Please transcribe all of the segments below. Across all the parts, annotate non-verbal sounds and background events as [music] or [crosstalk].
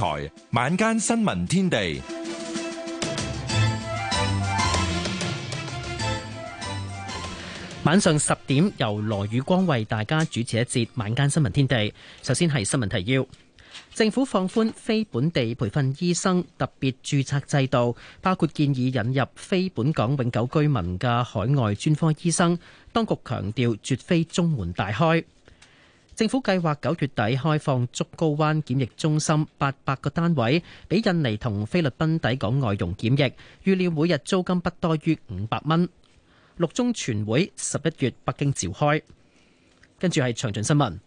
台晚間新聞天地，晚上十點，由羅宇光為大家主持一節晚間新聞天地。首先係新聞提要：政府放寬非本地培訓醫生特別註冊制度，包括建議引入非本港永久居民嘅海外專科醫生。當局強調絕非中門大開。政府計劃九月底開放竹篙灣檢疫中心八百個單位，俾印尼同菲律賓抵港外傭檢疫，預料每日租金不多於五百蚊。六中全會十一月北京召開，跟住係詳盡新聞。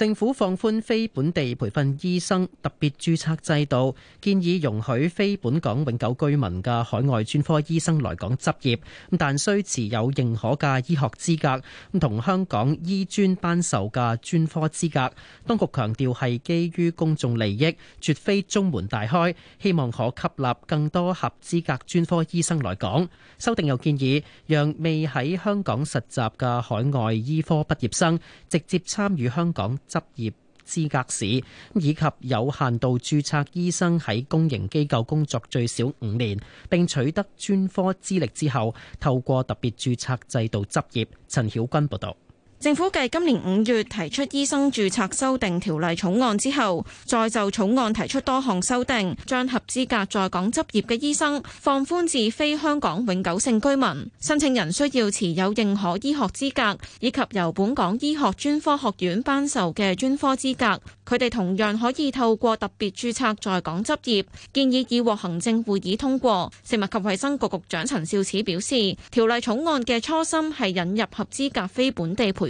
政府放寬非本地培訓醫生特別註冊制度，建議容許非本港永久居民嘅海外專科醫生來港執業，但需持有認可嘅醫學資格，同香港醫專頒授嘅專科資格。當局強調係基於公眾利益，絕非中門大開，希望可吸納更多合資格專科醫生來港。修訂又建議讓未喺香港實習嘅海外醫科畢業生直接參與香港執業資格試以及有限度註冊醫生喺公營機構工作最少五年，並取得專科資歷之後，透過特別註冊制度執業。陳曉君報道。政府繼今年五月提出醫生註冊修訂條例草案之後，再就草案提出多項修訂，將合資格在港執業嘅醫生放寬至非香港永久性居民。申請人需要持有認可醫學資格，以及由本港醫學專科學院頒授嘅專科資格。佢哋同樣可以透過特別註冊在港執業。建議已獲行政會議通過。食物及衛生局局長陳肇始表示，條例草案嘅初心係引入合資格非本地培。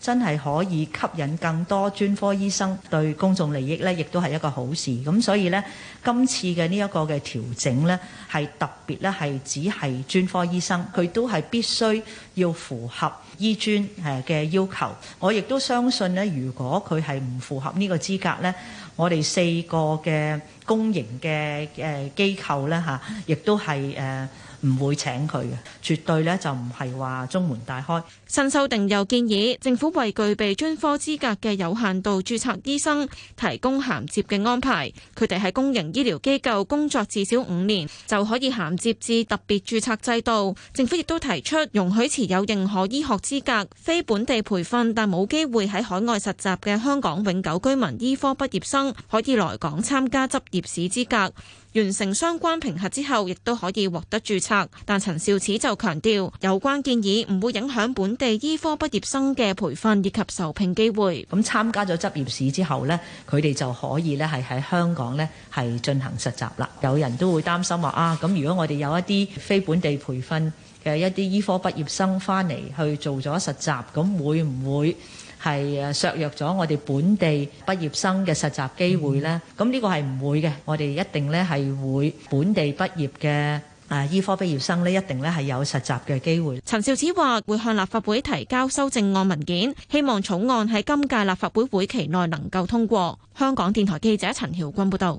真係可以吸引更多專科醫生對公眾利益呢，亦都係一個好事。咁所以呢，今次嘅呢一個嘅調整呢，係特別咧係只係專科醫生，佢都係必須要符合醫專誒嘅要求。我亦都相信呢，如果佢係唔符合呢個資格呢，我哋四個嘅公營嘅誒機構呢，嚇、啊，亦都係誒。呃唔會請佢嘅，絕對呢就唔係話中門大開。新修訂又建議政府為具備專科資格嘅有限度註冊醫生提供銜接嘅安排，佢哋喺公營醫療機構工作至少五年就可以銜接至特別註冊制度。政府亦都提出容許持有認可醫學資格、非本地培訓但冇機會喺海外實習嘅香港永久居民醫科畢業生可以來港參加執業試資格。完成相關評核之後，亦都可以獲得註冊。但陳肇始就強調，有關建議唔會影響本地醫科畢業生嘅培訓以及受聘機會。咁參加咗執業試之後呢，佢哋就可以咧係喺香港呢，係進行實習啦。有人都會擔心話啊，咁如果我哋有一啲非本地培訓嘅一啲醫科畢業生翻嚟去做咗實習，咁會唔會？係削弱咗我哋本地畢業生嘅實習機會咧，咁呢、嗯、個係唔會嘅，我哋一定咧係會本地畢業嘅誒、啊、醫科畢業生咧，一定咧係有實習嘅機會。陳肇始話會向立法會提交修正案文件，希望草案喺今屆立法會會期內能夠通過。香港電台記者陳曉君報導。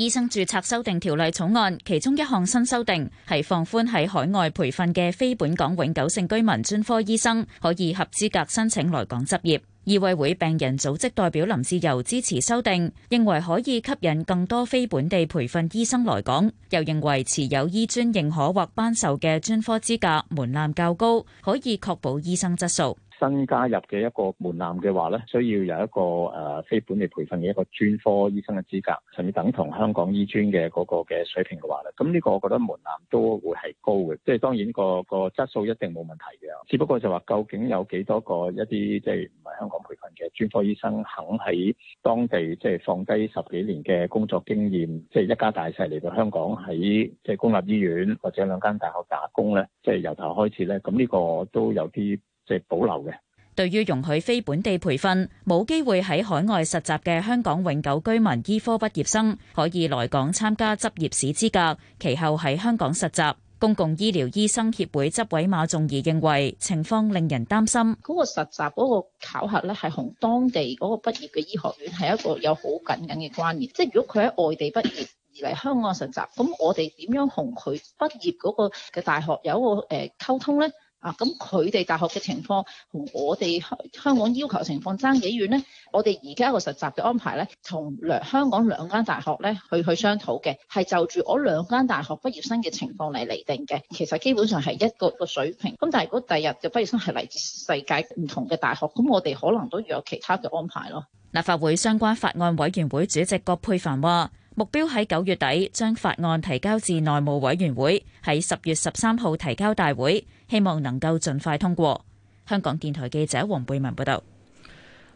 醫生註冊修訂條例草案，其中一項新修訂係放寬喺海外培訓嘅非本港永久性居民專科醫生可以合資格申請來港執業。醫委會病人組織代表林志柔支持修訂，認為可以吸引更多非本地培訓醫生來港，又認為持有醫專認可或頒授嘅專科資格門檻較高，可以確保醫生質素。新加入嘅一個門檻嘅話咧，需要有一個誒、呃、非本地培訓嘅一個專科醫生嘅資格，甚至等同香港醫專嘅嗰個嘅水平嘅話咧，咁呢個我覺得門檻都會係高嘅，即係當然、嗰個、嗰個質素一定冇問題嘅，只不過就話究竟有幾多個一啲即係唔係香港培訓嘅專科醫生肯喺當地即係、即係、放低十幾年嘅工作經驗，即係、即係、一家大細嚟到香港喺即係公立醫院或者兩間大學打工咧，即係、即係、由頭開始咧，咁呢個都有啲，保留嘅。對於容許非本地培訓，冇機會喺海外實習嘅香港永久居民醫科畢業生，可以來港參加執業試資格，其後喺香港實習。公共醫療醫生協會執委馬仲儀認為情況令人擔心。嗰個實習嗰個考核咧，係同當地嗰個畢業嘅醫學院係一個有好緊緊嘅關聯，即係如果佢喺外地畢業而嚟香港實習，咁我哋點樣同佢畢業嗰個嘅大學有一個誒溝通咧？啊！咁佢哋大學嘅情況同我哋香港要求情況爭幾遠呢？我哋而家個實習嘅安排咧，同兩香港兩間大學咧去去商討嘅，係就住我兩間大學畢業生嘅情況嚟嚟定嘅。其實基本上係一個個水平。咁但係如果第日嘅畢業生係嚟自世界唔同嘅大學，咁我哋可能都要有其他嘅安排咯。立法會相關法案委員會主席郭佩凡話，目標喺九月底將法案提交至內務委員會，喺十月十三號提交大會。希望能夠盡快通過。香港電台記者黃貝文報道。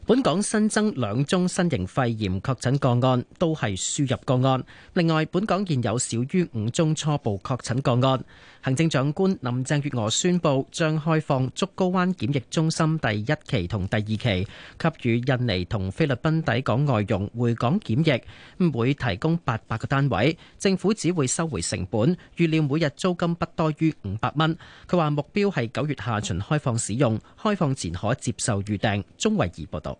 本港新增兩宗新型肺炎確診個案，都係輸入個案。另外，本港現有少於五宗初步確診個案。行政長官林鄭月娥宣布將開放竹篙灣檢疫中心第一期同第二期，給予印尼同菲律賓抵港外傭回港檢疫，會提供八百個單位。政府只會收回成本，預料每日租金不多於五百蚊。佢話目標係九月下旬開放使用，開放前可接受預訂。鐘慧儀報道。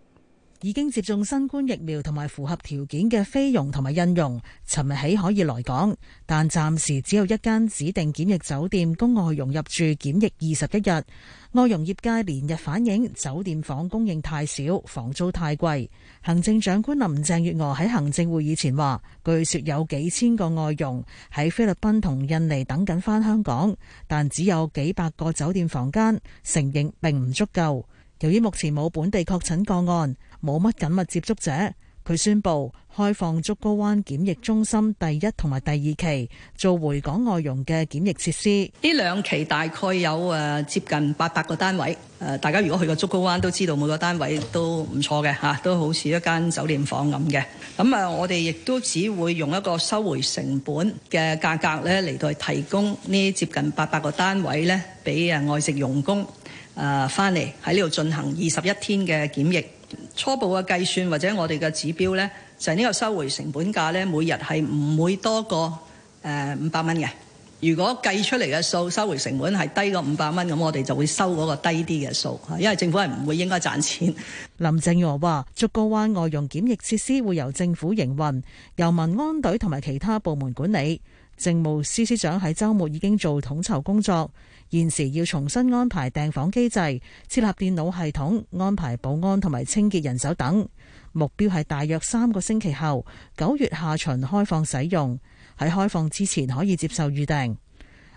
已經接種新冠疫苗同埋符合條件嘅菲傭同埋印傭，尋日起可以來港，但暫時只有一間指定檢疫酒店供外傭入住檢疫二十一日。外傭業界連日反映酒店房供應太少，房租太貴。行政長官林鄭月娥喺行政會議前話，據說有幾千個外傭喺菲律賓同印尼等緊返香港，但只有幾百個酒店房間，承認並唔足夠。由於目前冇本地確診個案。冇乜緊密接觸者，佢宣布開放竹篙灣檢疫中心第一同埋第二期做回港外傭嘅檢疫設施。呢兩期大概有誒接近八百個單位。誒，大家如果去過竹篙灣都知道每個單位都唔錯嘅嚇，都好似一間酒店房咁嘅。咁啊，我哋亦都只會用一個收回成本嘅價格咧嚟到提供呢接近八百個單位咧，俾啊外籍傭工誒翻嚟喺呢度進行二十一天嘅檢疫。初步嘅計算或者我哋嘅指標呢，就係呢個收回成本價呢，每日係唔會多過誒五百蚊嘅。如果計出嚟嘅數收回成本係低過五百蚊，咁我哋就會收嗰個低啲嘅數，因為政府係唔會應該賺錢。林鄭月娥話：竹篙灣外傭檢疫設施會由政府營運，由民安隊同埋其他部門管理。政務司司長喺周末已經做統籌工作。現時要重新安排訂房機制，設立電腦系統，安排保安同埋清潔人手等。目標係大約三個星期後，九月下旬開放使用。喺開放之前可以接受預訂。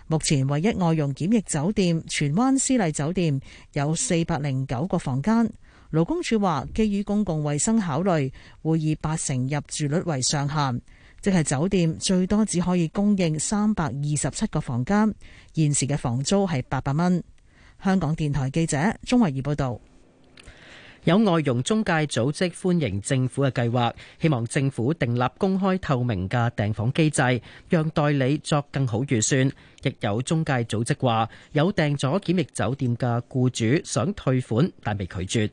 目前唯一外傭檢疫酒店荃灣絲麗酒店有四百零九個房間。勞工處話，基於公共衛生考慮，會以八成入住率為上限。即係酒店最多只可以供應三百二十七個房間，現時嘅房租係八百蚊。香港電台記者鍾慧儀報道，有外傭中介組織歡迎政府嘅計劃，希望政府訂立公開透明嘅訂房機制，讓代理作更好預算。亦有中介組織話，有訂咗檢疫酒店嘅僱主想退款，但被拒絕。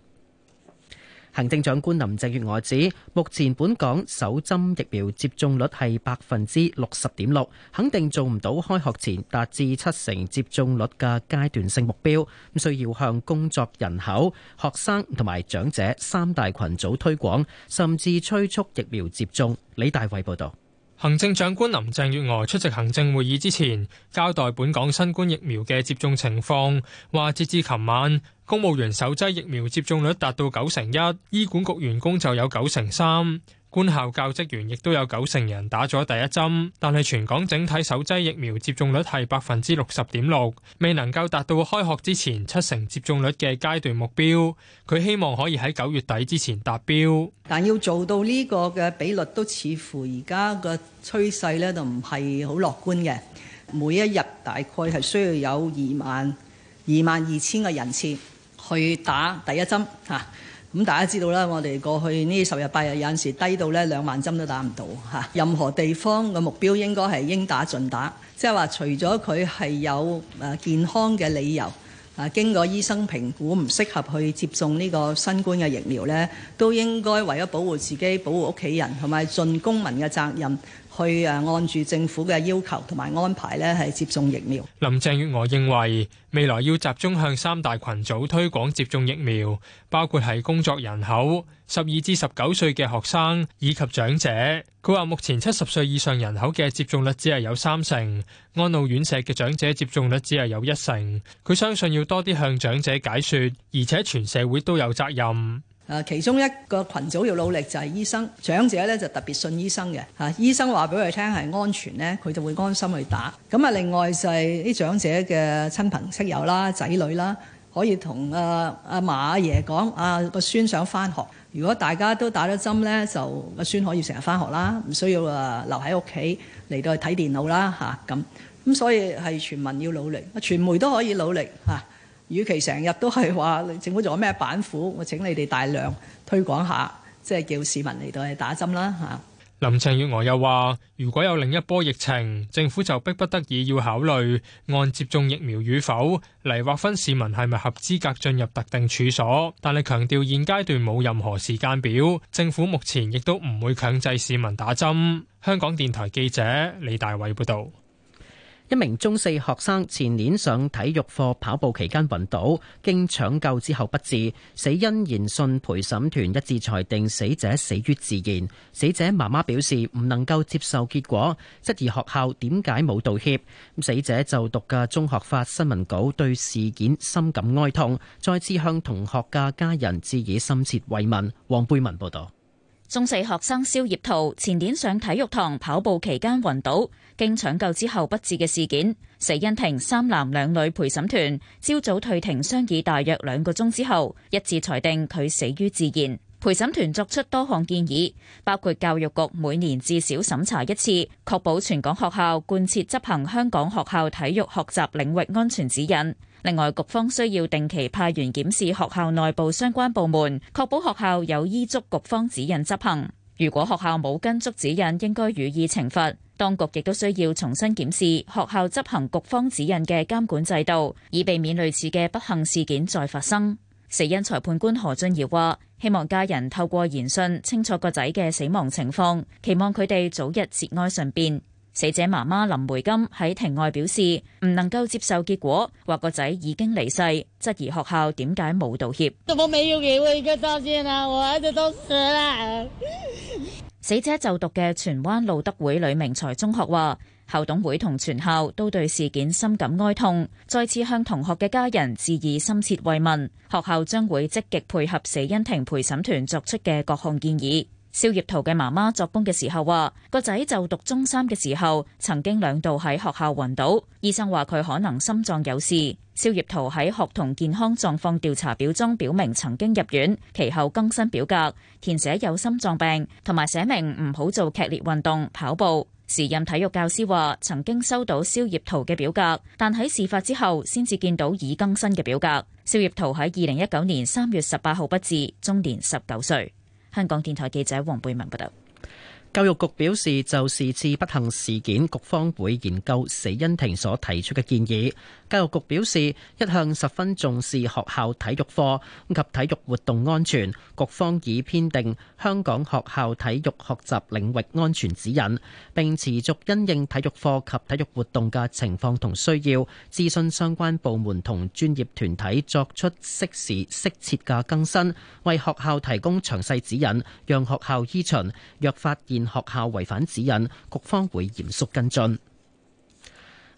行政長官林鄭月娥指，目前本港首針疫苗接種率係百分之六十點六，肯定做唔到開學前達至七成接種率嘅階段性目標，咁需要向工作人口、學生同埋長者三大群組推廣，甚至催促疫苗接種。李大偉報導。行政長官林鄭月娥出席行政會議之前，交代本港新冠疫苗嘅接種情況，話截至琴晚，公務員首劑疫苗接種率達到九成一，醫管局員工就有九成三。官校教職員亦都有九成人打咗第一針，但係全港整體首劑疫苗接種率係百分之六十點六，未能夠達到開學之前七成接種率嘅階段目標。佢希望可以喺九月底之前達標。但要做到呢個嘅比率，都似乎而家嘅趨勢咧，就唔係好樂觀嘅。每一日大概係需要有二萬二萬二千個人次去打第一針吓。咁大家知道啦，我哋過去呢十日八日有陣時低到咧，兩萬針都打唔到嚇。任何地方嘅目標應該係應打盡打，即係話除咗佢係有誒健康嘅理由，啊經過醫生評估唔適合去接種呢個新冠嘅疫苗呢，都應該為咗保護自己、保護屋企人同埋盡公民嘅責任。去誒按住政府嘅要求同埋安排咧，係接種疫苗。林鄭月娥認為未來要集中向三大群組推廣接種疫苗，包括係工作人口、十二至十九歲嘅學生以及長者。佢話目前七十歲以上人口嘅接種率只係有三成，安老院舍嘅長者接種率只係有一成。佢相信要多啲向長者解說，而且全社會都有責任。誒，其中一個群組要努力就係醫生，長者咧就特別信醫生嘅嚇、啊，醫生話俾佢聽係安全咧，佢就會安心去打。咁啊，另外就係、是、啲長者嘅親朋戚友啦、仔女啦，可以同阿阿嫲阿爺講，啊個孫、啊啊、想返學，如果大家都打咗針咧，就個孫、啊、可以成日返學啦，唔需要啊留喺屋企嚟到去睇電腦啦嚇咁。咁、啊啊啊啊、所以係全民要努力，啊，傳媒都可以努力嚇。啊。與其成日都係話政府仲有咩板斧，我請你哋大量推廣下，即係叫市民嚟到去打針啦嚇。林鄭月娥又話：如果有另一波疫情，政府就迫不得已要考慮按接種疫苗與否嚟劃分市民係咪合資格進入特定處所。但係強調現階段冇任何時間表，政府目前亦都唔會強制市民打針。香港電台記者李大偉報導。一名中四學生前年上體育課跑步期間暈倒，經搶救之後不治，死因研訊陪審團一致裁定死者死於自然。死者媽媽表示唔能夠接受結果，質疑學校點解冇道歉。咁死者就讀嘅中學發新聞稿對事件深感哀痛，再次向同學嘅家、家人致以深切慰問。黃貝文報道。中四學生肖業途前年上體育堂跑步期間暈倒，經搶救之後不治嘅事件，死因庭三男兩女陪審團朝早退庭商議大約兩個鐘之後，一致裁定佢死於自然。陪審團作出多項建議，包括教育局每年至少審查一次，確保全港學校貫徹執行香港學校體育學習領域安全指引。另外，局方需要定期派員檢視學校內部相關部門，確保學校有依足局方指引執行。如果學校冇跟足指引，應該予以懲罰。當局亦都需要重新檢視學校執行局方指引嘅監管制度，以避免類似嘅不幸事件再發生。死因裁判官何俊堯話，希望家人透過研訊清楚個仔嘅死亡情況，期望佢哋早日節哀順變。死者媽媽林梅金喺庭外表示唔能夠接受結果，話個仔已經離世，質疑學校點解冇道歉。 [laughs] 死者就讀嘅荃灣路德會呂明才中學話，校董會同全校都對事件深感哀痛，再次向同學嘅家人致以深切慰問。學校將會積極配合死因庭陪審團作出嘅各項建議。肖葉圖嘅媽媽作供嘅時候話，個仔就讀中三嘅時候，曾經兩度喺學校暈倒，醫生話佢可能心臟有事。肖葉圖喺學童健康狀況調查表中表明曾經入院，其後更新表格，填寫有心臟病，同埋寫明唔好做劇烈運動、跑步。時任體育教師話，曾經收到肖葉圖嘅表格，但喺事發之後先至見到已更新嘅表格。肖葉圖喺二零一九年三月十八號不治，終年十九歲。香港電台記者黃貝文報道。教育局表示，就是次不幸事件，局方會研究死因庭所提出嘅建議。教育局表示，一向十分重視學校體育課及體育活動安全，局方已編定《香港學校體育學習領域安全指引》，並持續因應體育課及體育活動嘅情況同需要，諮詢相關部門同專業團體，作出適時適切嘅更新，為學校提供詳細指引，讓學校依循。若發現學校違反指引，局方會嚴肅跟進。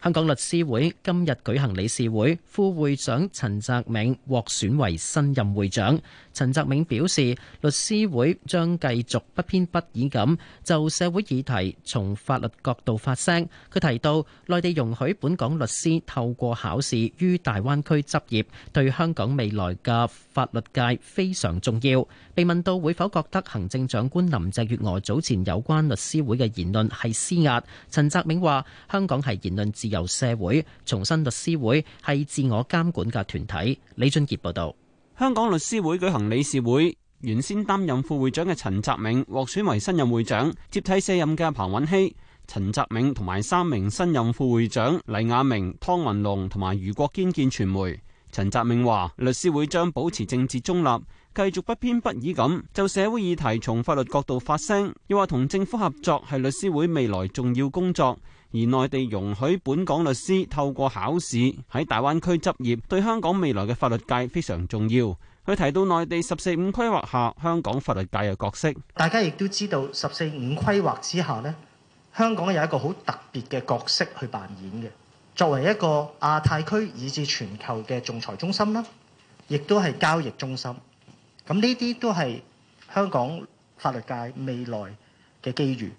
香港律師會今日舉行理事會，副會長陳澤銘獲選為新任會長。陳澤銘表示，律師會將繼續不偏不倚咁就社會議題從法律角度發聲。佢提到，內地容許本港律師透過考試於大灣區執業，對香港未來嘅法律界非常重要。被問到會否覺得行政長官林鄭月娥早前有關律師會嘅言論係施壓，陳澤銘話：香港係言論自由。由社會重新律師會係自我監管嘅團體。李俊傑報導，香港律師會舉行理事會，原先擔任副會長嘅陳澤銘獲選為新任會長，接替卸任嘅彭韻僖。陳澤銘同埋三名新任副會長黎雅明、湯文龍同埋余國堅見傳媒。陳澤銘話：律師會將保持政治中立，繼續不偏不倚咁就社會議題從法律角度發聲，要話同政府合作係律師會未來重要工作。而內地容許本港律師透過考試喺大灣區執業，對香港未來嘅法律界非常重要。佢提到內地十四五規劃下香港法律界嘅角色，大家亦都知道十四五規劃之下呢香港有一個好特別嘅角色去扮演嘅，作為一個亞太區以至全球嘅仲裁中心啦，亦都係交易中心。咁呢啲都係香港法律界未來嘅機遇。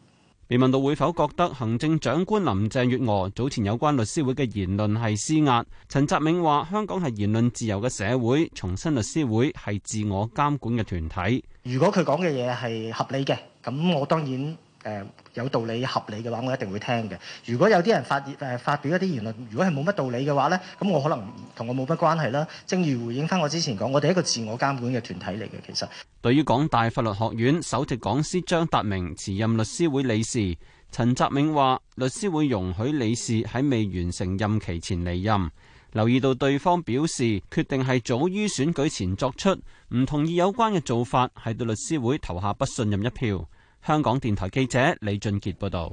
被問到會否覺得行政長官林鄭月娥早前有關律師會嘅言論係施壓，陳澤銘話香港係言論自由嘅社會，重申律師會係自我監管嘅團體。如果佢講嘅嘢係合理嘅，咁我當然。誒有道理合理嘅話，我一定會聽嘅。如果有啲人發誒發表一啲言論，如果係冇乜道理嘅話呢，咁我可能同我冇乜關係啦。正如回應返我之前講，我哋一個自我監管嘅團體嚟嘅。其實對於港大法律學院首席講師張達明辭任律師會理事，陳澤銘話律師會容許理事喺未完成任期前離任。留意到對方表示決定係早於選舉前作出，唔同意有關嘅做法係對律師會投下不信任一票。香港電台記者李俊傑報道：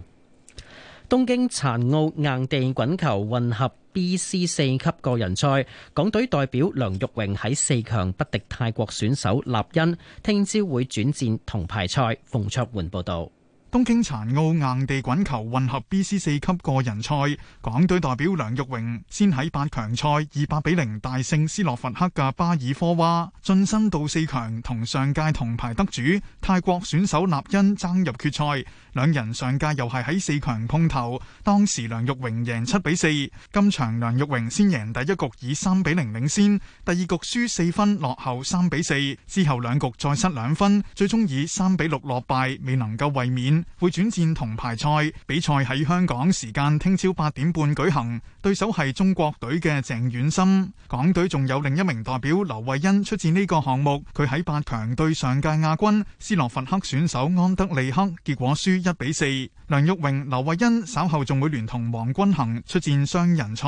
東京殘奧硬地滾球混合 BC 四級個人賽，港隊代表梁玉榮喺四強不敵泰國選手立欣，聽朝會轉戰銅牌賽。馮卓煥報道。東京殘奧硬地滾球混合 BC 四級個人賽，港隊代表梁玉榮先喺八強賽以八比零大勝斯洛伐克嘅巴爾科娃晉身到四強，同上屆銅牌得主泰國選手納恩爭入決賽。兩人上屆又係喺四強碰頭，當時梁玉榮贏七比四。今場梁玉榮先贏第一局，以三比零領先，第二局輸四分，落後三比四，之後兩局再失兩分，最終以三比六落敗，未能夠衛冕。會轉戰銅牌賽，比賽喺香港時間聽朝八點半舉行，對手係中國隊嘅鄭遠森。港隊仲有另一名代表劉慧恩出戰呢個項目，佢喺八強對上屆亞軍斯洛伐克選手安德利克，結果輸一比四。梁玉榮、劉慧恩稍後仲會聯同黃君恒出戰雙人賽。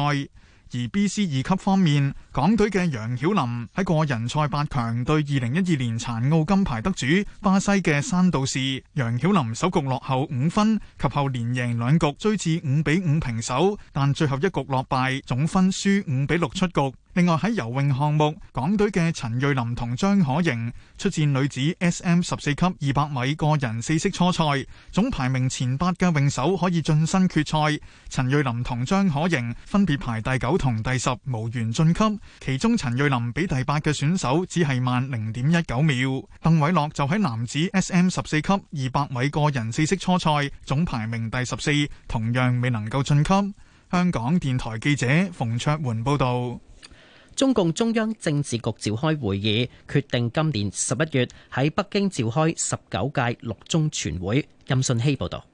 而 BC 二級方面，港隊嘅楊曉琳喺個人賽八強對二零一二年殘奧金牌得主巴西嘅山道士，楊曉琳首局落後五分，及後連贏兩局追至五比五平手，但最後一局落敗，總分輸五比六出局。另外喺游泳項目，港隊嘅陳瑞琳同張可盈出戰女子 S.M. 十四級二百米個人四式初賽，總排名前八嘅泳手可以晉身決賽。陳瑞琳同張可盈分別排第九同第十，無緣晉級。其中陳瑞琳比第八嘅選手只係慢零點一九秒。鄧偉樂就喺男子 S.M. 十四級二百米個人四式初賽總排名第十四，同樣未能夠晉級。香港電台記者馮卓煥報道。中共中央政治局召開會議，決定今年十一月喺北京召開十九屆六中全會。任信希報道：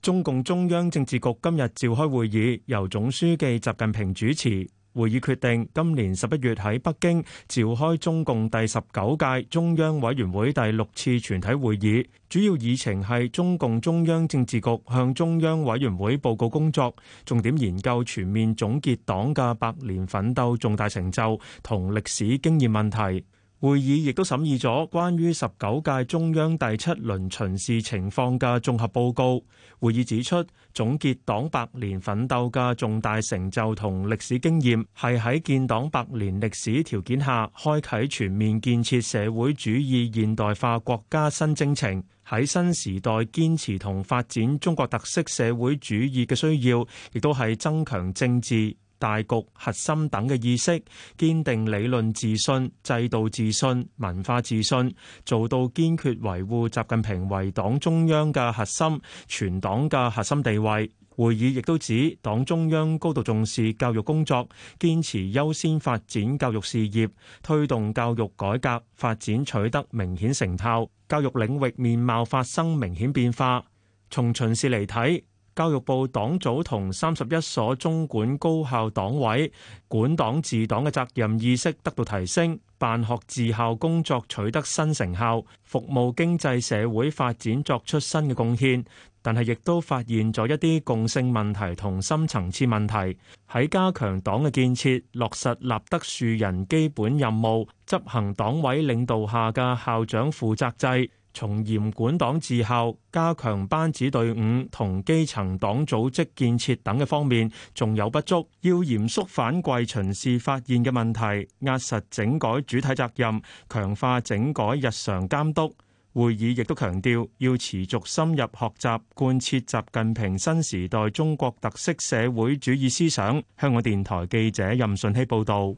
中共中央政治局今日召開會議，由總書記習近平主持。會議決定今年十一月喺北京召開中共第十九屆中央委員會第六次全體會議，主要議程係中共中央政治局向中央委員會報告工作，重點研究全面總結黨嘅百年奮鬥重大成就同歷史經驗問題。會議亦都審議咗關於十九屆中央第七輪巡視情況嘅綜合報告。會議指出，總結黨百年奮鬥嘅重大成就同歷史經驗，係喺建黨百年歷史條件下開啟全面建設社會主義現代化國家新征程，喺新時代堅持同發展中國特色社會主義嘅需要，亦都係增強政治。大局核心等嘅意識，堅定理論自信、制度自信、文化自信，做到堅決維護習近平為黨中央嘅核心、全黨嘅核心地位。會議亦都指黨中央高度重視教育工作，堅持優先發展教育事業，推動教育改革發展取得明顯成效，教育領域面貌發生明顯變化。從巡視嚟睇。教育部黨組同三十一所中管高校黨委管黨治黨嘅責任意識得到提升，辦學治校工作取得新成效，服務經濟社會發展作出新嘅貢獻。但係亦都發現咗一啲共性問題同深層次問題，喺加強黨嘅建設、落實立德樹人基本任務、執行黨委領導下嘅校長負責制。從嚴管黨治校，加強班子隊伍同基層黨組織建設等嘅方面，仲有不足。要嚴肅反饋巡視發現嘅問題，壓實整改主體責任，強化整改日常監督。會議亦都強調，要持續深入學習貫徹習近平新時代中國特色社會主義思想。香港電台記者任順希報導。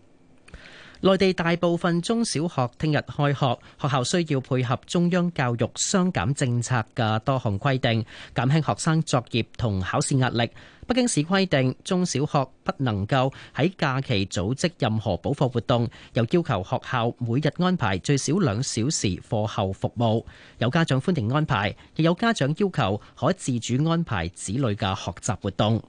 內地大部分中小學聽日開學，學校需要配合中央教育雙減政策嘅多項規定，減輕學生作業同考試壓力。北京市規定中小學不能夠喺假期組織任何補課活動，又要求學校每日安排最少兩小時課後服務。有家長歡迎安排，亦有家長要求可自主安排子女嘅學習活動。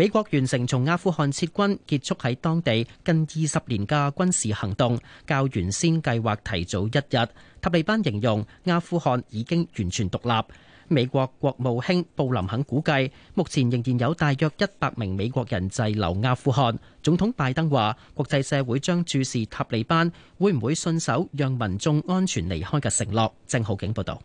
美國完成從阿富汗撤軍，結束喺當地近二十年嘅軍事行動，較原先計劃提早一日。塔利班形容阿富汗已經完全獨立。美國國務卿布林肯估計，目前仍然有大約一百名美國人滯留阿富汗。總統拜登話：國際社會將注視塔利班會唔會信守讓民眾安全離開嘅承諾。鄭浩景報導。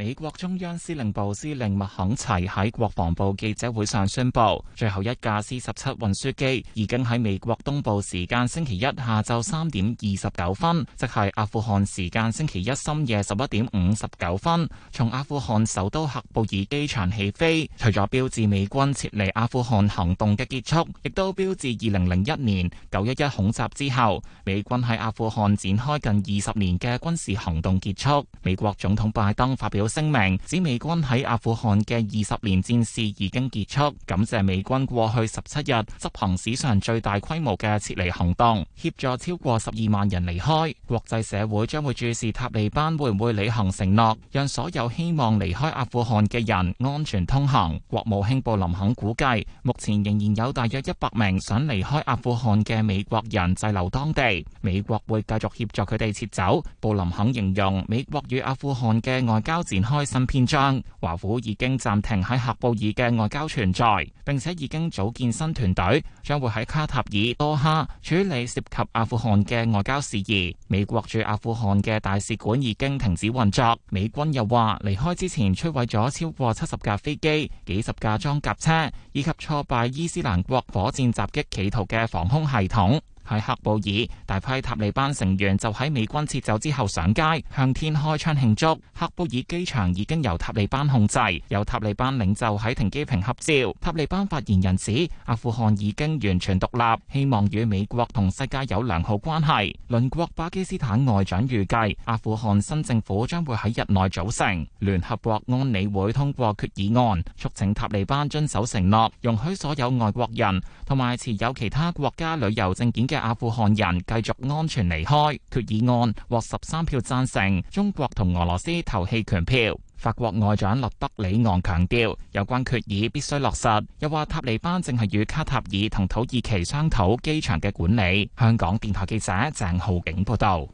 美國中央司令部司令麥肯齊喺國防部記者會上宣布，最後一架 C 十七運輸機已經喺美國東部時間星期一下晝三點二十九分，即係阿富汗時間星期一深夜十一點五十九分，從阿富汗首都喀布爾機場起飛。除咗標誌美軍撤離阿富汗行動嘅結束，亦都標誌二零零一年九一一恐襲之後，美軍喺阿富汗展開近二十年嘅軍事行動結束。美國總統拜登發表聲明指美軍喺阿富汗嘅二十年戰事已經結束，感謝美軍過去十七日執行史上最大規模嘅撤離行動，協助超過十二萬人離開。國際社會將會注視塔利班會唔會履行承諾，讓所有希望離開阿富汗嘅人安全通行。國務卿布林肯估計，目前仍然有大約一百名想離開阿富汗嘅美國人滯留當地，美國會繼續協助佢哋撤走。布林肯形容美國與阿富汗嘅外交戰。開新篇章。華府已經暫停喺喀布爾嘅外交存在，並且已經組建新團隊，將會喺卡塔爾多哈處理涉及阿富汗嘅外交事宜。美國駐阿富汗嘅大使館已經停止運作。美軍又話離開之前，摧毀咗超過七十架飛機、幾十架裝甲車，以及挫敗伊斯蘭國火箭襲擊企圖嘅防空系統。喺喀布爾，大批塔利班成員就喺美軍撤走之後上街向天開槍慶祝。喀布爾機場已經由塔利班控制，由塔利班領袖喺停機坪合照。塔利班發言人指，阿富汗已經完全獨立，希望與美國同世界有良好關係。鄰國巴基斯坦外長預計，阿富汗新政府將會喺日內組成。聯合國安理會通過決議案，促請塔利班遵守承諾，容許所有外國人同埋持有其他國家旅遊證件嘅。阿富汗人繼續安全離開，決議案獲十三票贊成，中國同俄羅斯投棄權票。法國外長勒德里昂強調，有關決議必須落實，又話塔利班正係與卡塔爾同土耳其商討機場嘅管理。香港電台記者鄭浩景報道。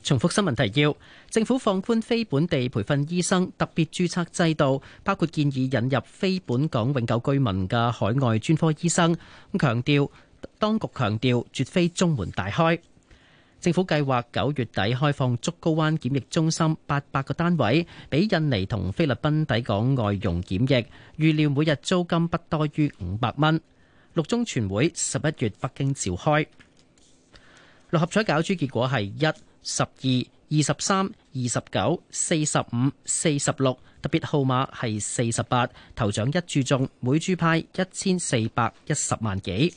重複新聞提要：政府放寬非本地培訓醫生特別註冊制度，包括建議引入非本港永久居民嘅海外專科醫生。強調。當局強調，絕非中門大開。政府計劃九月底開放竹篙灣檢疫中心八百個單位，俾印尼同菲律賓抵港外傭檢疫。預料每日租金不多於五百蚊。六中全會十一月北京召開。六合彩攪珠結果係一十二二十三二十九四十五四十六，特別號碼係四十八。頭獎一注中，每注派一千四百一十萬幾。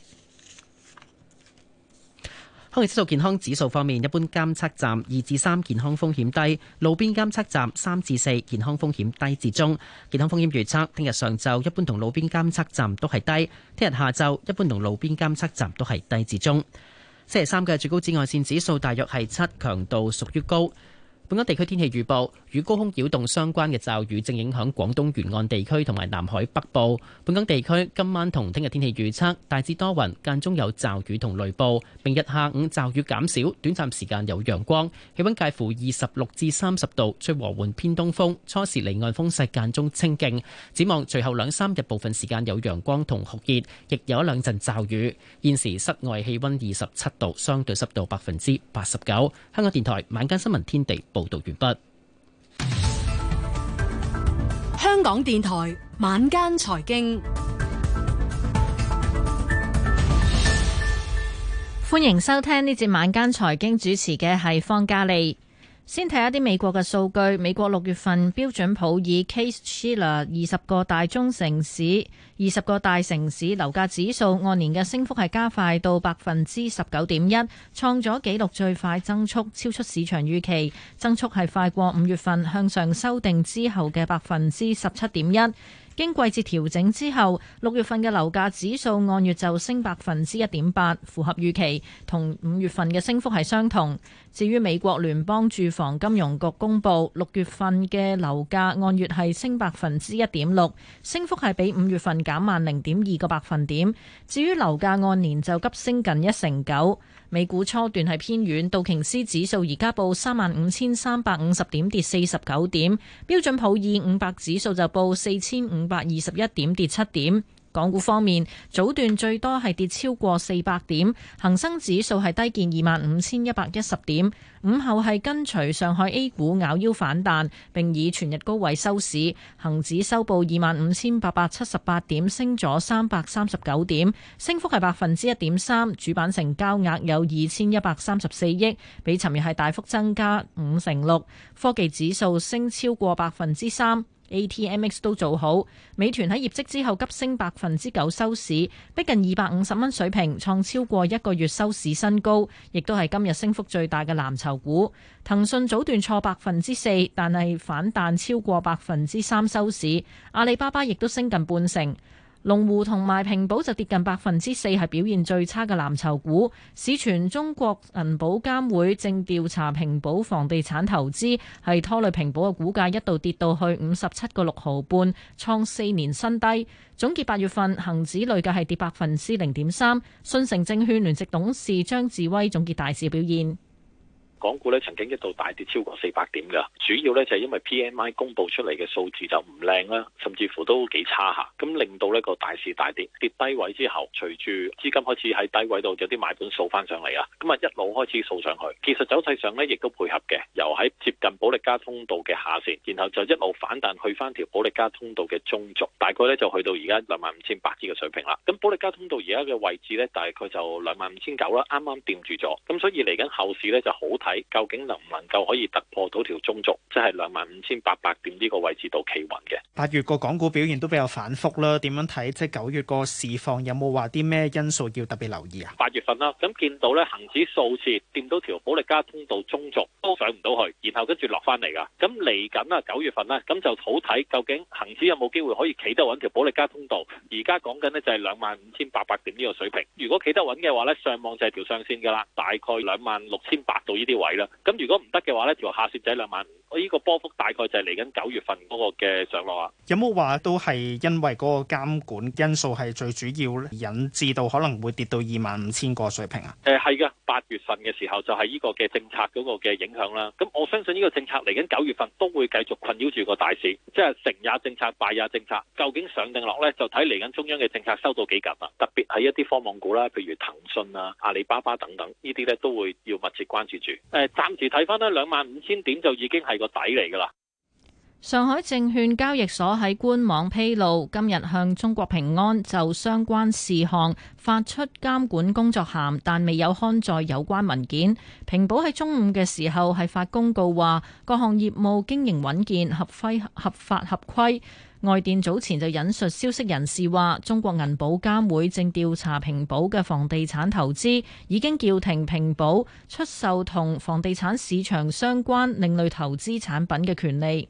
空氣質素健康指數方面，一般監測站二至三健康風險低，路邊監測站三至四健康風險低至中。健康風險預測：聽日上晝一般同路邊監測站都係低，聽日下晝一般同路邊監測站都係低至中。星期三嘅最高紫外線指數大約係七，強度屬於高。本港地區天氣預報，與高空擾動相關嘅驟雨正影響廣東沿岸地區同埋南海北部。本港地區今晚同聽日天氣預測大致多雲，間中有驟雨同雷暴。明日下午驟雨減少，短暫時間有陽光。氣溫介乎二十六至三十度，吹和緩偏東風。初時離岸風勢間中清勁。展望隨後兩三日部分時間有陽光同酷熱，亦有兩陣驟雨。現時室外氣溫二十七度，相對濕度百分之八十九。香港電台晚間新聞天地報。報道完畢。香港電台晚間財經，歡迎收聽呢節晚間財經，主持嘅係方嘉莉。先睇一啲美國嘅數據，美國六月份標準普爾 Case Shiller 二十個大中城市。二十個大城市樓價指數按年嘅升幅係加快到百分之十九點一，創咗紀錄最快增速，超出市場預期。增速係快過五月份向上修訂之後嘅百分之十七點一。經季節調整之後，六月份嘅樓價指數按月就升百分之一點八，符合預期，同五月份嘅升幅係相同。至於美國聯邦住房金融局公佈六月份嘅樓價按月係升百分之一點六，升幅係比五月份減慢零點二個百分點。至於樓價按年就急升近一成九。美股初段係偏軟，道瓊斯指數而家報三萬五千三百五十點，跌四十九點；標準普爾五百指數就報四千五百二十一點，跌七點。港股方面，早段最多係跌超過四百點，恒生指數係低見二萬五千一百一十點，午後係跟隨上海 A 股咬腰反彈，並以全日高位收市，恒指收報二萬五千八百七十八點，升咗三百三十九點，升幅係百分之一點三。主板成交額有二千一百三十四億，比尋日係大幅增加五成六。科技指數升超過百分之三。ATMX 都做好，美團喺業績之後急升百分之九收市，逼近二百五十蚊水平，創超過一個月收市新高，亦都係今日升幅最大嘅藍籌股。騰訊早段挫百分之四，但係反彈超過百分之三收市，阿里巴巴亦都升近半成。龍湖同埋平保就跌近百分之四，係表現最差嘅藍籌股。市傳中國銀保監會正調查平保房地產投資，係拖累平保嘅股價一度跌到去五十七個六毫半，創四年新低。總結八月份恒指累計係跌百分之零點三。信誠證券聯席董事張智威總結大市表現。港股咧曾經一度大跌超過四百點嘅，主要咧就係因為 PMI 公佈出嚟嘅數字就唔靚啦，甚至乎都幾差嚇，咁令到呢個大市大跌跌低位之後，隨住資金開始喺低位度有啲買盤掃翻上嚟啦，咁啊一路開始掃上去，其實走勢上咧亦都配合嘅，由喺接近保利加通道嘅下線，然後就一路反彈去翻條保利加通道嘅中軸，大概咧就去到而家兩萬五千八支嘅水平啦。咁保利加通道而家嘅位置咧大概就兩萬五千九啦，啱啱掂住咗，咁所以嚟緊後市咧就好睇。睇究竟能唔能夠可以突破到條中軸，即係兩萬五千八百點呢個位置度企穩嘅。八月個港股表現都比較反覆啦，點樣睇即係九月個市況有冇話啲咩因素要特別留意啊？八月份啦，咁見到咧，恆指數次掂到條保利加通道中軸都上唔到去，然後跟住落翻嚟噶。咁嚟緊啦，九月份啦，咁就好睇究竟恆指有冇機會可以企得穩條保利加通道。而家講緊呢就係兩萬五千八百點呢個水平，如果企得穩嘅話咧，上網就係條上線噶啦，大概兩萬六千八到呢啲位啦，咁如果唔得嘅話咧，條下線就係兩萬五，我、這、呢個波幅大概就係嚟緊九月份嗰個嘅上落啊。有冇話都係因為嗰個監管因素係最主要咧，引致到可能會跌到二萬五千個水平啊？誒、嗯，係噶。八月份嘅時候就係呢個嘅政策嗰個嘅影響啦，咁我相信呢個政策嚟緊九月份都會繼續困擾住個大市，即係成也政策，敗也政策，究竟上定落呢？就睇嚟緊中央嘅政策收到幾急啦，特別係一啲科網股啦，譬如騰訊啊、阿里巴巴等等，呢啲呢，都會要密切關注住。誒、呃，暫時睇翻呢兩萬五千點就已經係個底嚟噶啦。上海證券交易所喺官網披露，今日向中國平安就相關事項發出監管工作函，但未有刊載有關文件。平保喺中午嘅時候係發公告話，各項業務經營穩健、合規合法合規。外電早前就引述消息人士話，中國銀保監會正調查平保嘅房地產投資，已經叫停平保出售同房地產市場相關另類投資產品嘅權利。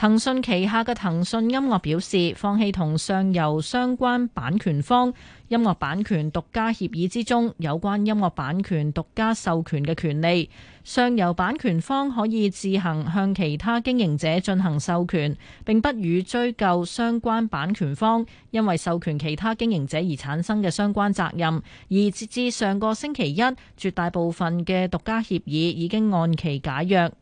騰訊旗下嘅騰訊音樂表示，放棄同上游相關版權方音樂版權獨家協議之中有關音樂版權獨家授權嘅權利。上游版權方可以自行向其他經營者進行授權，並不予追究相關版權方因為授權其他經營者而產生嘅相關責任。而截至上個星期一，絕大部分嘅獨家協議已經按期解約。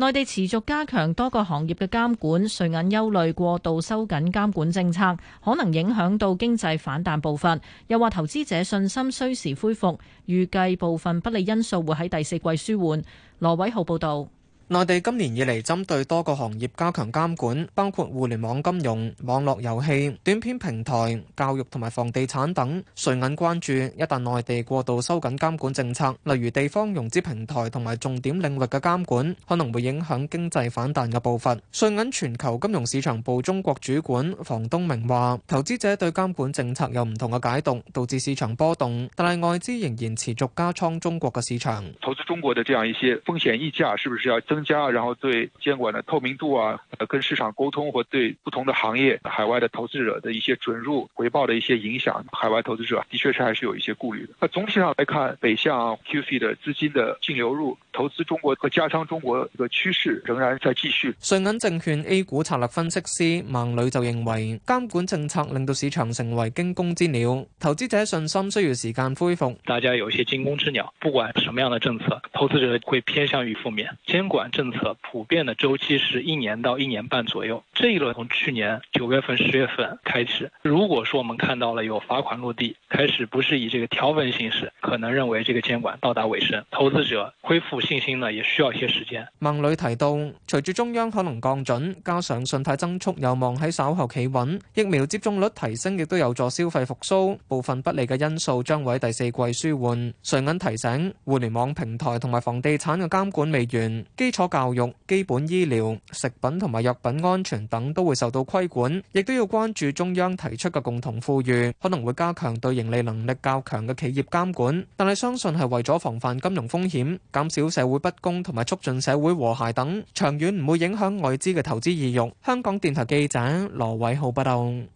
內地持續加強多個行業嘅監管，瑞銀憂慮過度收緊監管政策，可能影響到經濟反彈步伐，又話投資者信心需時恢復，預計部分不利因素會喺第四季舒緩。羅偉浩報導。內地今年以嚟針對多個行業加強監管，包括互聯網金融、網絡遊戲、短片平台、教育同埋房地產等，瑞銀關注一旦內地過度收緊監管政策，例如地方融資平台同埋重點領域嘅監管，可能會影響經濟反彈嘅步伐。瑞銀全球金融市場部中國主管房東明話：投資者對監管政策有唔同嘅解讀，導致市場波動，但係外資仍然持續加倉中國嘅市場。投資中國嘅這樣一些風險溢價，是不是要增加，然後對監管的透明度啊，跟市場溝通或對不同的行業、海外的投資者的一些准入回報的一些影響，海外投資者的確是還是有一些顧慮的。那總體上來看，北向 QC 的資金的淨流入、投資中國和加倉中國的趨勢仍然在繼續。瑞銀證券 A 股策略分析師孟磊就認為，監管政策令到市場成為驚弓之鳥，投資者信心需要時間恢復。大家有一些驚弓之鳥，不管什麼樣的政策，投資者會偏向於負面監管。政策普遍的周期是一年到一年半左右。這一輪從去年九月份、十月份開始，如果說我們看到了有罰款落地，開始不是以這個條文形式，可能認為這個監管到達尾聲，投資者恢復信心呢，也需要一些時間。孟磊提到，隨住中央可能降準，加上信貸增速有望喺稍後企穩，疫苗接種率提升亦都有助消費復蘇，部分不利嘅因素將會第四季舒緩。瑞銀提醒，互聯網平台同埋房地產嘅監管未完，基初教育、基本醫療、食品同埋藥品安全等都會受到規管，亦都要關注中央提出嘅共同富裕，可能會加強對盈利能力較強嘅企業監管，但係相信係為咗防範金融風險、減少社會不公同埋促進社會和諧等，長遠唔會影響外資嘅投資意欲。香港電台記者羅偉浩報道。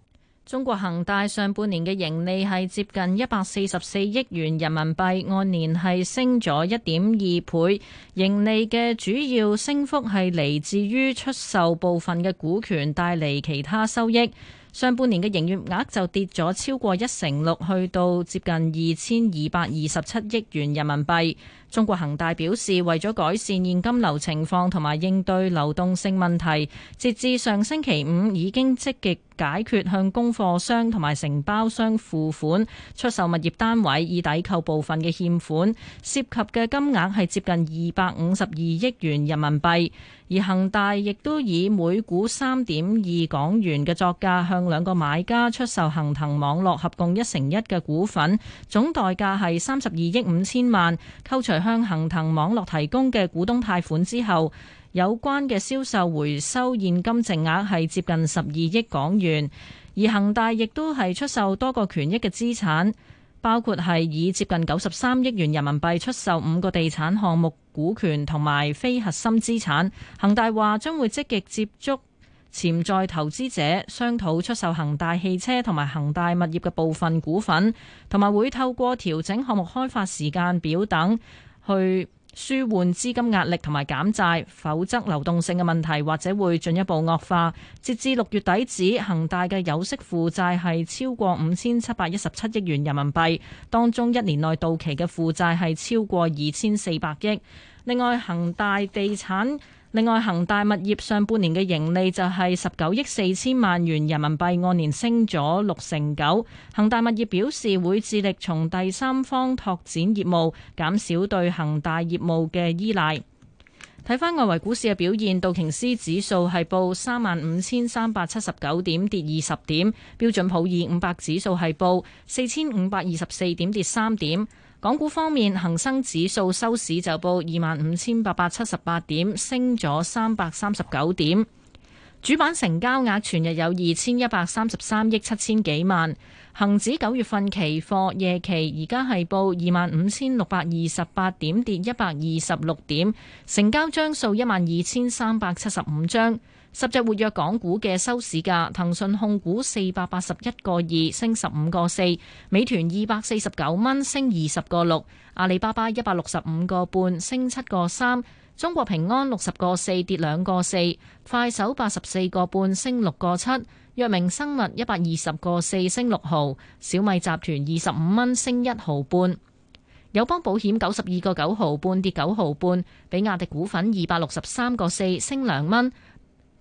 中國恒大上半年嘅盈利係接近一百四十四億元人民幣，按年係升咗一點二倍。盈利嘅主要升幅係嚟自於出售部分嘅股權帶嚟其他收益。上半年嘅營業額就跌咗超過一成六，去到接近二千二百二十七億元人民幣。中國恒大表示，為咗改善現金流情況同埋應對流動性問題，截至上星期五已經積極解決向供貨商同埋承包商付款、出售物業單位以抵扣部分嘅欠款，涉及嘅金額係接近二百五十二億元人民幣。而恒大亦都以每股三點二港元嘅作價向兩個買家出售恒騰網絡合共一成一嘅股份，總代價係三十二億五千萬，扣除向恒騰網絡提供嘅股東貸款之後，有關嘅銷售回收現金淨額係接近十二億港元。而恒大亦都係出售多個權益嘅資產。包括係以接近九十三億元人民幣出售五個地產項目股權同埋非核心資產，恒大話將會積極接觸潛在投資者，商討出售恒大汽車同埋恒大物業嘅部分股份，同埋會透過調整項目開發時間表等去舒緩資金壓力同埋減債，否則流動性嘅問題或者會進一步惡化。截至六月底止，恒大嘅有息負債係超過五千七百一十七億元人民幣，當中一年內到期嘅負債係超過二千四百億。另外，恒大地產另外，恒大物業上半年嘅盈利就係十九億四千萬元人民幣，按年升咗六成九。恒大物業表示會致力從第三方拓展業務，減少對恒大業務嘅依賴。睇翻外圍股市嘅表現，道瓊斯指數係報三萬五千三百七十九點，跌二十點；標準普爾五百指數係報四千五百二十四點，跌三點。港股方面，恒生指數收市就報二萬五千八百七十八點，升咗三百三十九點。主板成交額全日有二千一百三十三億七千幾萬。恒指九月份期貨夜期而家係報二萬五千六百二十八點，跌一百二十六點，成交張數一萬二千三百七十五張。十隻活躍港股嘅收市價，騰訊控股四百八十一個二，升十五個四；美團二百四十九蚊，升二十個六；阿里巴巴一百六十五個半，升七個三；中國平安六十個四，跌兩個四；快手八十四個半，升六個七；藥明生物一百二十個四，升六毫；小米集團二十五蚊，升一毫半；友邦保險九十二個九毫半，跌九毫半；比亞迪股份二百六十三個四，升兩蚊。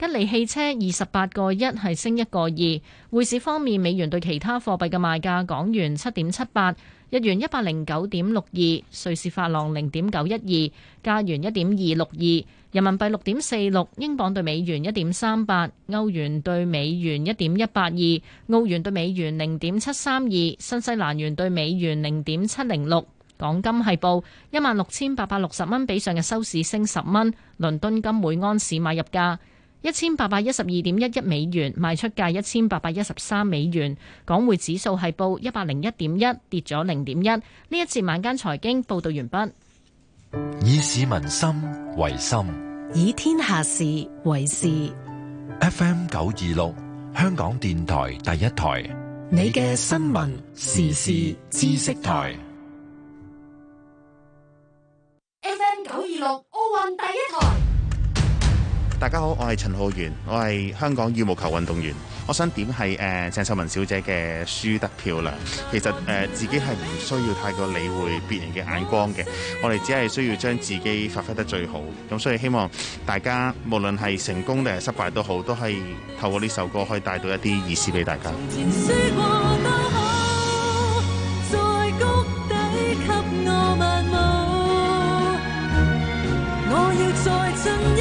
吉利汽車二十八個一，係升一個二。匯市方面，美元對其他貨幣嘅賣價：港元七點七八，日元一百零九點六二，瑞士法郎零點九一二，加元一點二六二，人民幣六點四六，英鎊兌美元一點三八，歐元兌美元一點一八二，澳元兌美元零點七三二，新西蘭元兌美元零點七零六。港金係報一萬六千八百六十蚊，比上日收市升十蚊。倫敦金每安士買入價。一千八百一十二點一一美元，賣出價一千八百一十三美元。港匯指數係報 1, 一百零一點一，跌咗零點一。呢一次晚間財經報道完畢。以市民心為心，以天下事為事。FM 九二六，香港電台第一台。你嘅新聞時事知識台。FM 九二六，奧運第一台。大家好，我係陳浩源，我係香港羽毛球運動員。我想點係呃鄭秀文小姐嘅《輸得漂亮》。其實，呃，自己係唔需要太過理會別人嘅眼光嘅，我哋只係需要將自己發揮得最好。咁所以希望大家無論係成功定係失敗都好，都係透過呢首歌可以帶到一啲意思俾大家。 [music]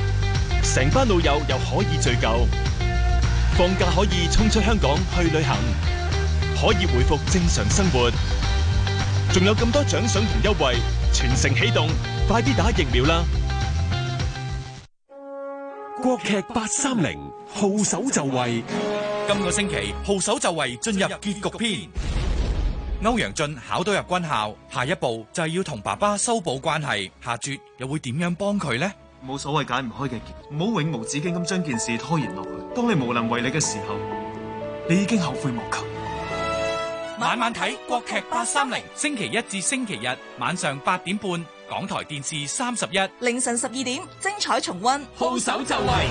成班老友又可以聚舊，放假可以衝出香港去旅行，可以回復正常生活，仲有咁多獎賞同優惠，全城起動，快啲打疫苗啦！國劇八三零號手就位，今個星期號手就位進入結局篇。歐陽俊考到入軍校，下一步就係要同爸爸修補關係，夏拙又會點樣幫佢呢？冇所謂解唔開嘅結，唔好永無止境咁將件事拖延落去。當你無能為力嘅時候，你已經後悔莫及。晚晚睇國劇八三零，星期一至星期日晚上八點半，港台電視三十一，凌晨十二點精彩重温。號手就位。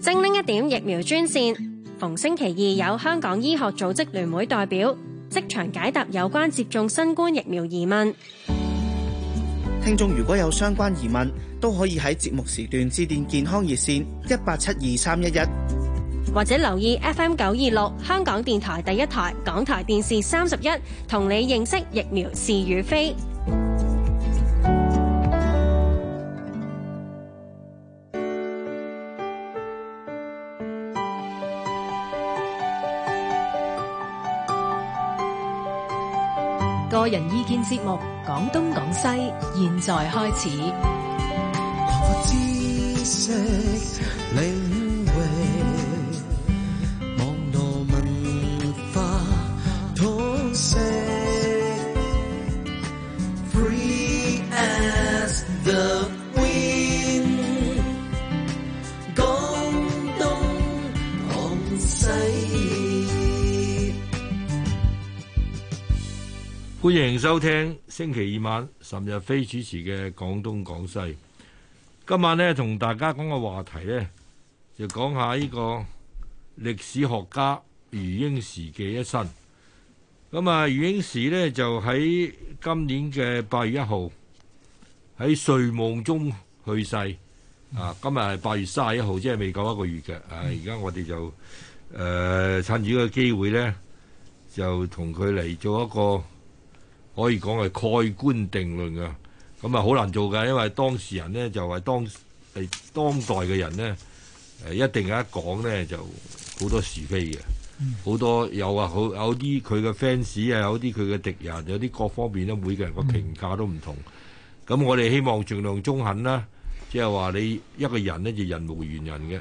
精靈一點疫苗專線，逢星期二有香港醫學組織聯會代表即場解答有關接種新冠疫苗疑問。聽眾如果有相關疑問，都可以喺節目時段致電健康熱線一八七二三一一，或者留意 FM 九二六香港電台第一台、港台電視三十一，同你認識疫苗是與非。個人意見節目《講東講西》，現在開始。 [music] 歡迎收聽星期二晚岑日飛主持嘅《廣東廣西》。今晚呢，同大家講嘅話題呢，就講下呢個歷史學家余英時嘅一生。咁啊，余英時呢，就喺今年嘅八月一號喺睡夢中去世啊。今日係八月三十一號，即係未夠一個月嘅。啊，而家我哋就誒、呃，趁住呢個機會咧，就同佢嚟做一個。可以講係蓋棺定論嘅，咁啊好難做㗎，因為當事人呢，就係當係當代嘅人呢，誒一定一講呢就好多是非嘅，好多有啊，有啲佢嘅 fans 啊，有啲佢嘅敵人，有啲各方面呢，每個人嘅評價都唔同。咁我哋希望盡量中肯啦，即係話你一個人呢，就人無完人嘅。